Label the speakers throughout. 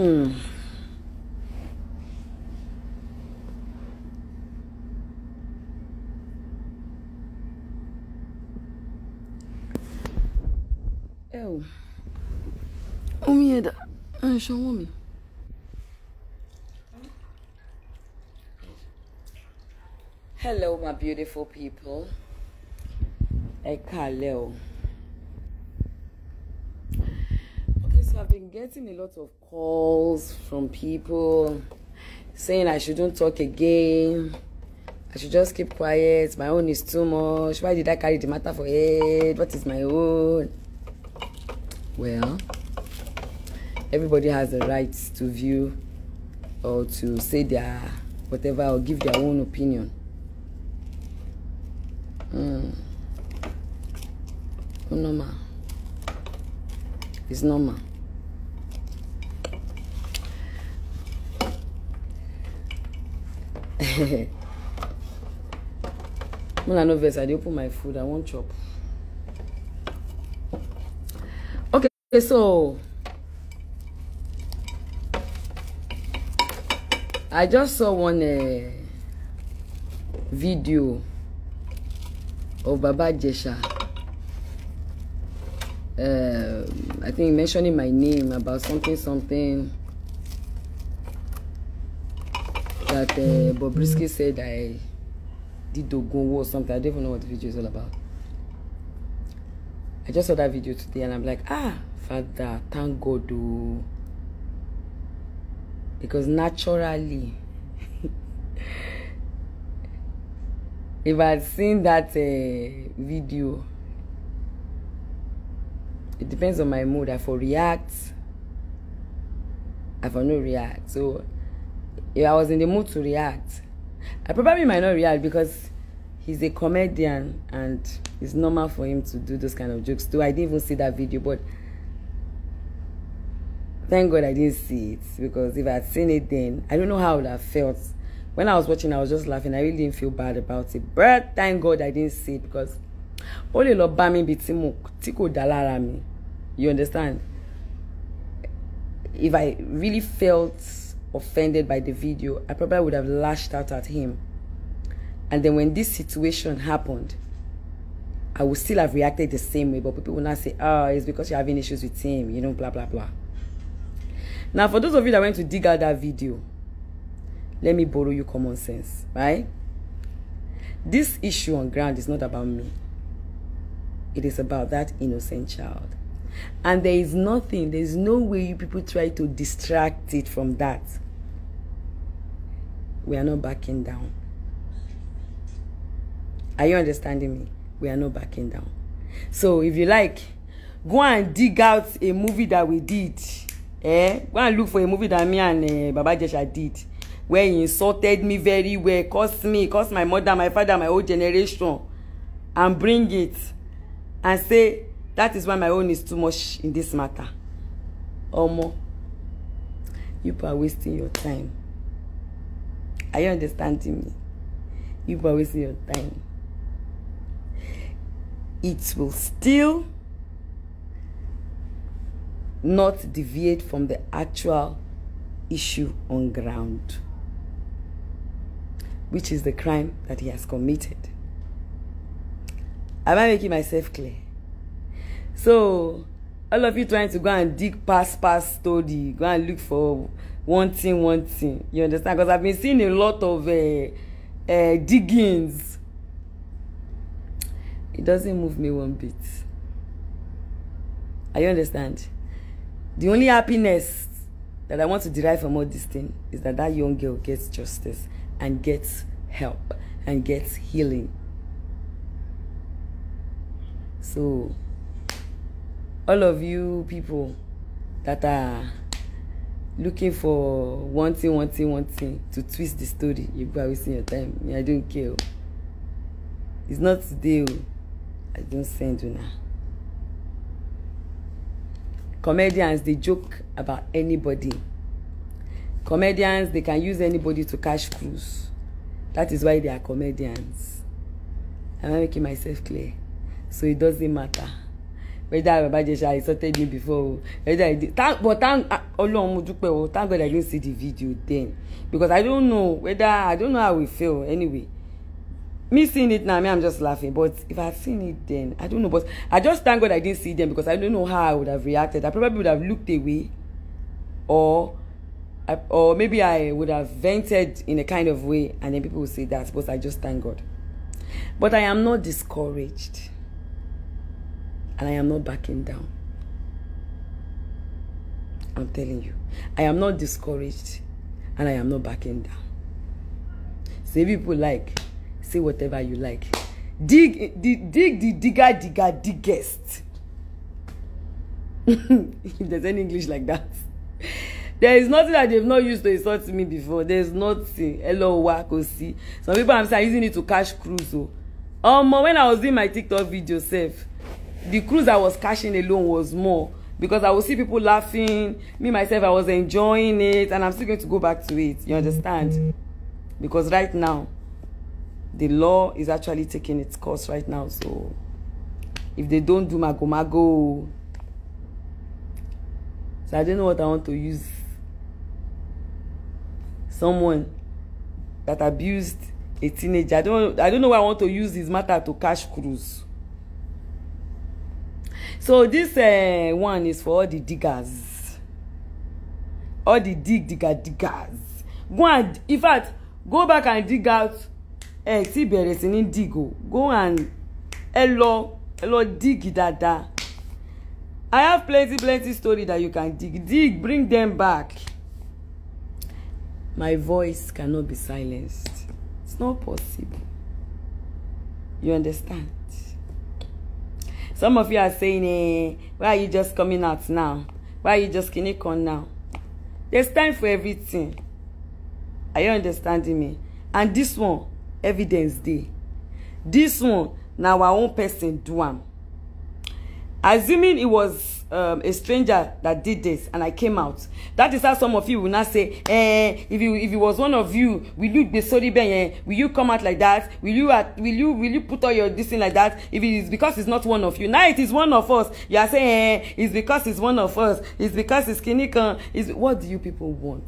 Speaker 1: Hmm. eu o omi ẹ̀dá um homem hello my beautiful people é káalẹ́ I've been getting a lot of calls from people saying I shouldn't talk again. I should just keep quiet. My own is too much. Why did I carry the matter for it? What is my own? Well, everybody has the right to view or to say their whatever or give their own opinion. Mm. normal. It's normal. when I know this. I dey open my food. I won't chop. Okay, so I just saw one uh, video of Baba Jesha. Uh, I think mentioning my name about something something. that uh, Bobrisky said I did the go or something. I don't even know what the video is all about. I just saw that video today and I'm like, ah, Father, thank God. Oh. Because naturally, if I'd seen that uh, video, it depends on my mood. I for react, I for no react. So if I was in the mood to react, I probably might not react because he's a comedian and it's normal for him to do those kind of jokes too. I didn't even see that video, but thank God I didn't see it because if I had seen it then, I don't know how I would have felt. When I was watching, I was just laughing. I really didn't feel bad about it. But thank God I didn't see it because ó lè lọ bá mo tí kò dá You understand? If I really felt offended by the video, I probably would have lashed out at him. And then when this situation happened, I would still have reacted the same way, but people will not say, oh, it's because you're having issues with him, you know, blah, blah, blah. Now, for those of you that went to dig out that video, let me borrow you common sense, right? This issue on ground is not about me. It is about that innocent child. And there is nothing, there is no way you people try to distract it from that. We are not backing down. Are you understanding me? We are not backing down. So if you like, go and dig out a movie that we did. Eh? Go and look for a movie that me and uh, Baba Jesha did. Where he insulted me very well, cursed me, cursed my mother, my father, my whole generation. And bring it. And say, that is why my own is too much in this matter. Omo, you are wasting your time. Are you understanding me? You are wasting your time. It will still not deviate from the actual issue on ground, which is the crime that he has committed. Am I making myself clear? so all of you trying to go and dig past past story go and look for one thing one thing you understand because i've been seeing a lot of uh, uh, diggings it doesn't move me one bit i understand the only happiness that i want to derive from all this thing is that that young girl gets justice and gets help and gets healing so all of you people that are looking for one thing, one thing, one thing to twist the story, you guys wasting your time. I don't care. Oh. It's not today. Oh. I don't send you now. Comedians, they joke about anybody. Comedians, they can use anybody to cash crews. That is why they are comedians. Am I making myself clear? So it doesn't matter whether my baba jesha insulted me before oh. whether i did thank but thank ah, Ọlọ́run mo dúpẹ́ o oh. thank God i didn't see the video then because i don't know whether i don't know how we feel anyway me seeing it now me i'm just laughing but if i seen it then i don't know but i just thank God i didn't see them because i don't know how i would have reacted i probably would have looked away or I, or maybe i would have vented in a kind of way and then people would say that but i just thank God but i am not discouraged. and I am not backing down. I'm telling you, I am not discouraged and I am not backing down. Say people like, say whatever you like. Dig, dig, dig the digger, digger, diggest. if there's any English like that. There is nothing that they've not used to insult me before. There's nothing. Hello, wa, kò see. Some people I'm saying using it to cash cruise. Oh, Um, when I was doing my TikTok video, self, the cruise I was cashing alone was more because I would see people laughing. Me myself, I was enjoying it, and I'm still going to go back to it. You understand? Because right now, the law is actually taking its course right now. So if they don't do magomago, so I don't know what I want to use. Someone that abused a teenager. I don't. I don't know why I want to use this matter to cash cruise so this uh, one is for all the diggers all the dig digger diggers go and in fact go back and dig out ẹ see bẹ̀rẹ̀ sí dig o go and hello hello ẹ lọ dig dáadáa i have plenty plenty story that you can dig dig bring them back my voice cannot be silenced it's not possible you understand Some of you are saying, eh, why are you just coming out now? Why are you just kidding on now? There's time for everything. Are you understanding me? And this one, evidence day. This one, now our own person do am assuming it was um, a stranger that did this and i came out that is how some of you will now say eh if you if it was one of you will you be sorry, Ben? eh? will you come out like that will you at will you will you put all your this thing like that if it is because it's not one of you now it is one of us you are saying eh it's because it's one of us it's because it's kini kan it's what do you people want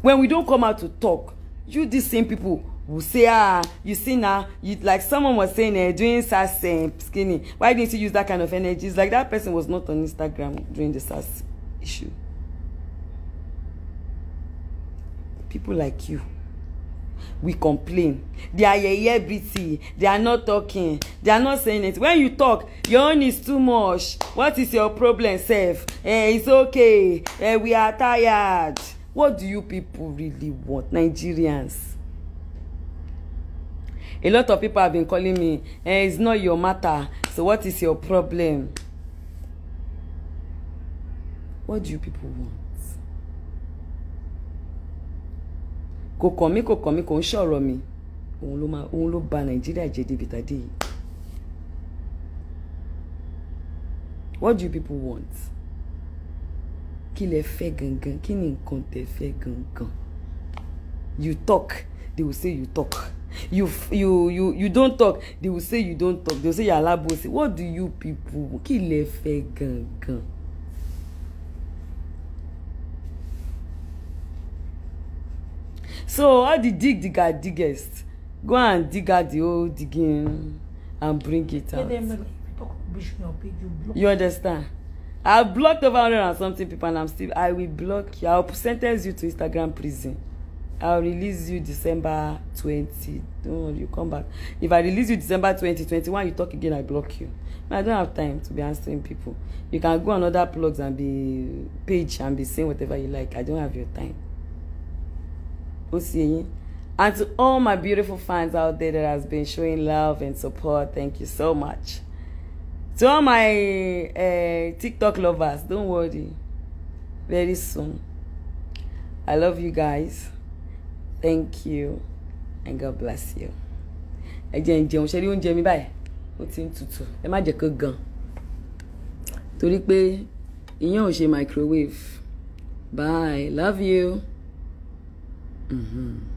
Speaker 1: when we don't come out to talk you these same people will say ah you see now you like someone was saying eh doing sars eh, skinny why didn't you use that kind of energy it's like that person was not on instagram during the sars issue people like you we complain they are yeye everything they are not talking they are not saying it when you talk your own is too much what is your problem self? eh it's okay eh we are tired what do you people really want nigerians a lot of people have been calling me eh, it's not your matter so what is your problem what do you people want kò kàn mí kò kàn mí kò ń ṣọ̀rọ̀ mi òun ló máa òun ló ba nàìjíríà jẹ́ débi tàdé what do you people want kí lẹ fẹ́ gangan kí ni nǹkan tẹ́ fẹ́ gangan you talk they will say you talk you you you you don't talk they will say you don't talk they will say you're alabosi what do you people kí lẹ fẹ́ gangan. so all the dig digger diggest go and dig out the whole digging and bring it out. you understand. I blocked over 100 and something people and I'm still, I will block you. I'll sentence you to Instagram prison. I'll release you December 20. No, you come back. If I release you December 2021, you talk again, I block you. I don't have time to be answering people. You can go on other blogs and be page and be saying whatever you like. I don't have your time. Osieyin. And to all my beautiful fans out there that has been showing love and support, thank you so much. To all my uh, TikTok lovers, don't worry. Very soon. I love you guys thank you and God bless you ẹ jẹ́ ń jẹun ṣe rí oúnjẹ mi báyìí ó ti ń tutù ẹ má jẹ́ kó gan torí pé ìyẹn ò ṣe microwave bye love you. Mm-hmm.